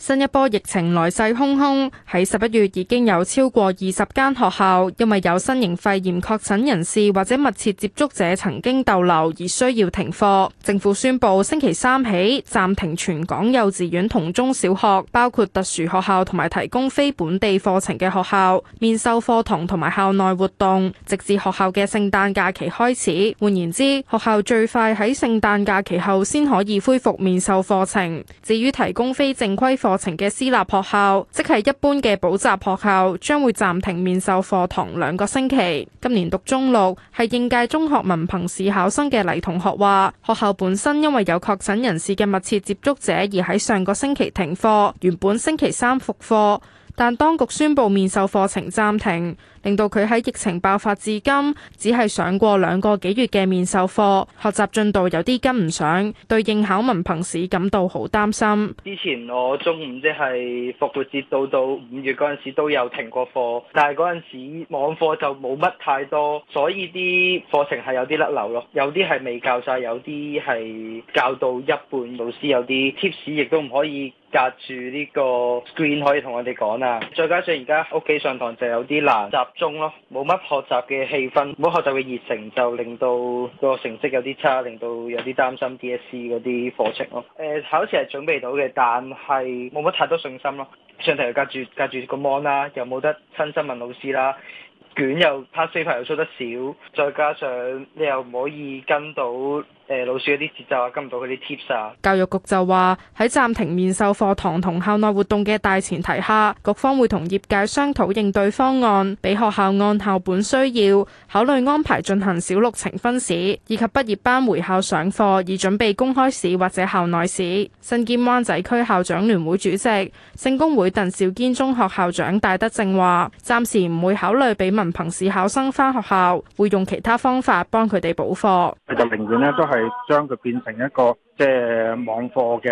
新一波疫情來勢洶洶，喺十一月已經有超過二十間學校因為有新型肺炎確診人士或者密切接觸者曾經逗留而需要停課。政府宣布星期三起暫停全港幼稚園同中小學，包括特殊學校同埋提供非本地課程嘅學校，面授課堂同埋校內活動，直至學校嘅聖誕假期開始。換言之，學校最快喺聖誕假期後先可以恢復面授課程。至於提供非正規課，課程嘅私立學校，即係一般嘅補習學校，將會暫停面授課堂兩個星期。今年讀中六，係應屆中學文憑試考生嘅黎同學話，學校本身因為有確診人士嘅密切接觸者，而喺上個星期停課，原本星期三復課。但當局宣布面授課程暫停，令到佢喺疫情爆發至今只係上過兩個幾月嘅面授課，學習進度有啲跟唔上，對應考文憑試感到好擔心。之前我中午即係復活節到到五月嗰陣時都有停過課，但係嗰陣時網課就冇乜太多，所以啲課程係有啲甩漏咯，有啲係未教晒，有啲係教到一半，老師有啲 tips 亦都唔可以。隔住呢個 screen 可以同我哋講啦，再加上而家屋企上堂就有啲難集中咯，冇乜學習嘅氣氛，冇學習嘅熱情就令到個成績有啲差，令到有啲擔心 DSE 嗰啲課程咯。誒、呃，考試係準備到嘅，但係冇乜太多信心咯。上堂又隔住隔住個 mon 啦，又冇得親身問老師啦，卷又 past paper 又出得少，再加上你又唔可以跟到。誒老師嗰啲節奏啊，跟唔到嗰啲 tips 啊。教育局就話喺暫停面授課堂同校內活動嘅大前提下，局方會同業界商討應對方案，俾學校按校本需要考慮安排進行小六呈分試，以及畢業班回校上課以準備公開試或者校內試。新尖灣仔區校長聯會主席聖公會鄧肇堅中學校長戴德正話：暫時唔會考慮俾文憑試考生返學校，會用其他方法幫佢哋補課。係將佢變成一個即係網課嘅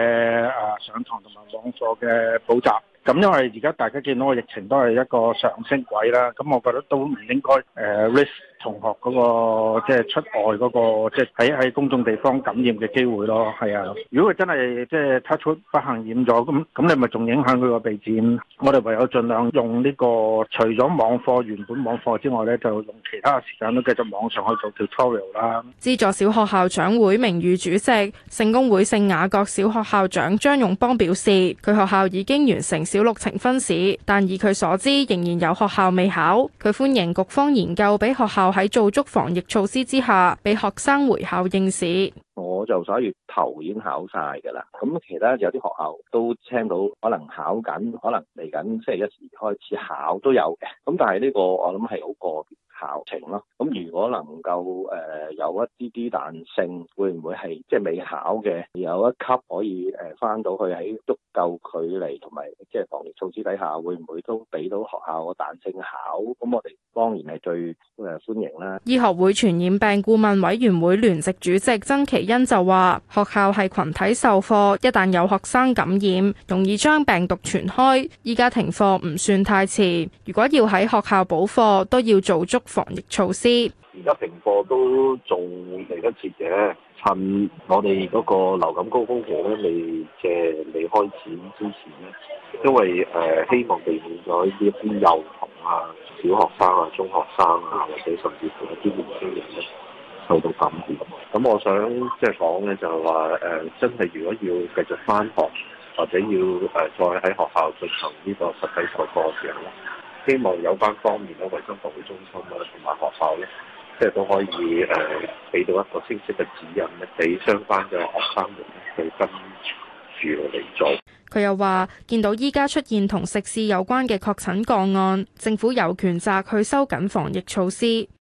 誒上堂同埋網課嘅補習，咁因為而家大家見到個疫情都係一個上升軌啦，咁我覺得都唔應該誒 risk。同學嗰個即係出外嗰個，即係喺喺公眾地方感染嘅機會咯，係啊！如果佢真係即係測出不幸染咗，咁咁你咪仲影響佢個備戰。我哋唯有盡量用呢個，除咗網課原本網課之外咧，就用其他時間都繼續網上去做 tutorial 啦。資助小學校長會名譽主席、聖公會聖雅各小學校長張勇邦表示，佢學校已經完成小六呈分試，但以佢所知仍然有學校未考。佢歡迎局方研究俾學校。喺做足防疫措施之下，俾學生回校應試。我就十一月頭已經考晒噶啦，咁其他有啲學校都聽到可能考緊，可能嚟緊，星期一時開始考都有嘅。咁但係呢個我諗係好個別。流程咯，咁如果能夠誒有一啲啲彈性，會唔會係即係未考嘅有一級可以誒翻到去喺足夠距離同埋即係防疫措施底下，會唔會都俾到學校個彈性考？咁我哋當然係最誒歡迎啦。醫學會傳染病顧問委員會聯席主席曾祈殷就話：學校係羣體授課，一旦有學生感染，容易將病毒傳開。依家停課唔算太遲，如果要喺學校補課，都要做足防疫措施，而家停課都仲嚟得切嘅，趁我哋嗰個流感高峰期咧未，即係未開始之前咧，因為誒希望避免咗呢一啲幼童啊、小學生啊、中學生啊，或者甚至乎一啲年輕人咧受到感染。咁我想即係講咧，就係話誒，真係如果要繼續翻學或者要誒再喺學校進行呢個實體授課嘅話。希望有關方面嘅衞生服務中心啊，同埋學校咧，即係都可以誒，俾到一個清晰嘅指引咧，俾相關嘅學生們去跟住我嚟做。佢又話：見到依家出現同食肆有關嘅確診個案，政府有權責去收緊防疫措施。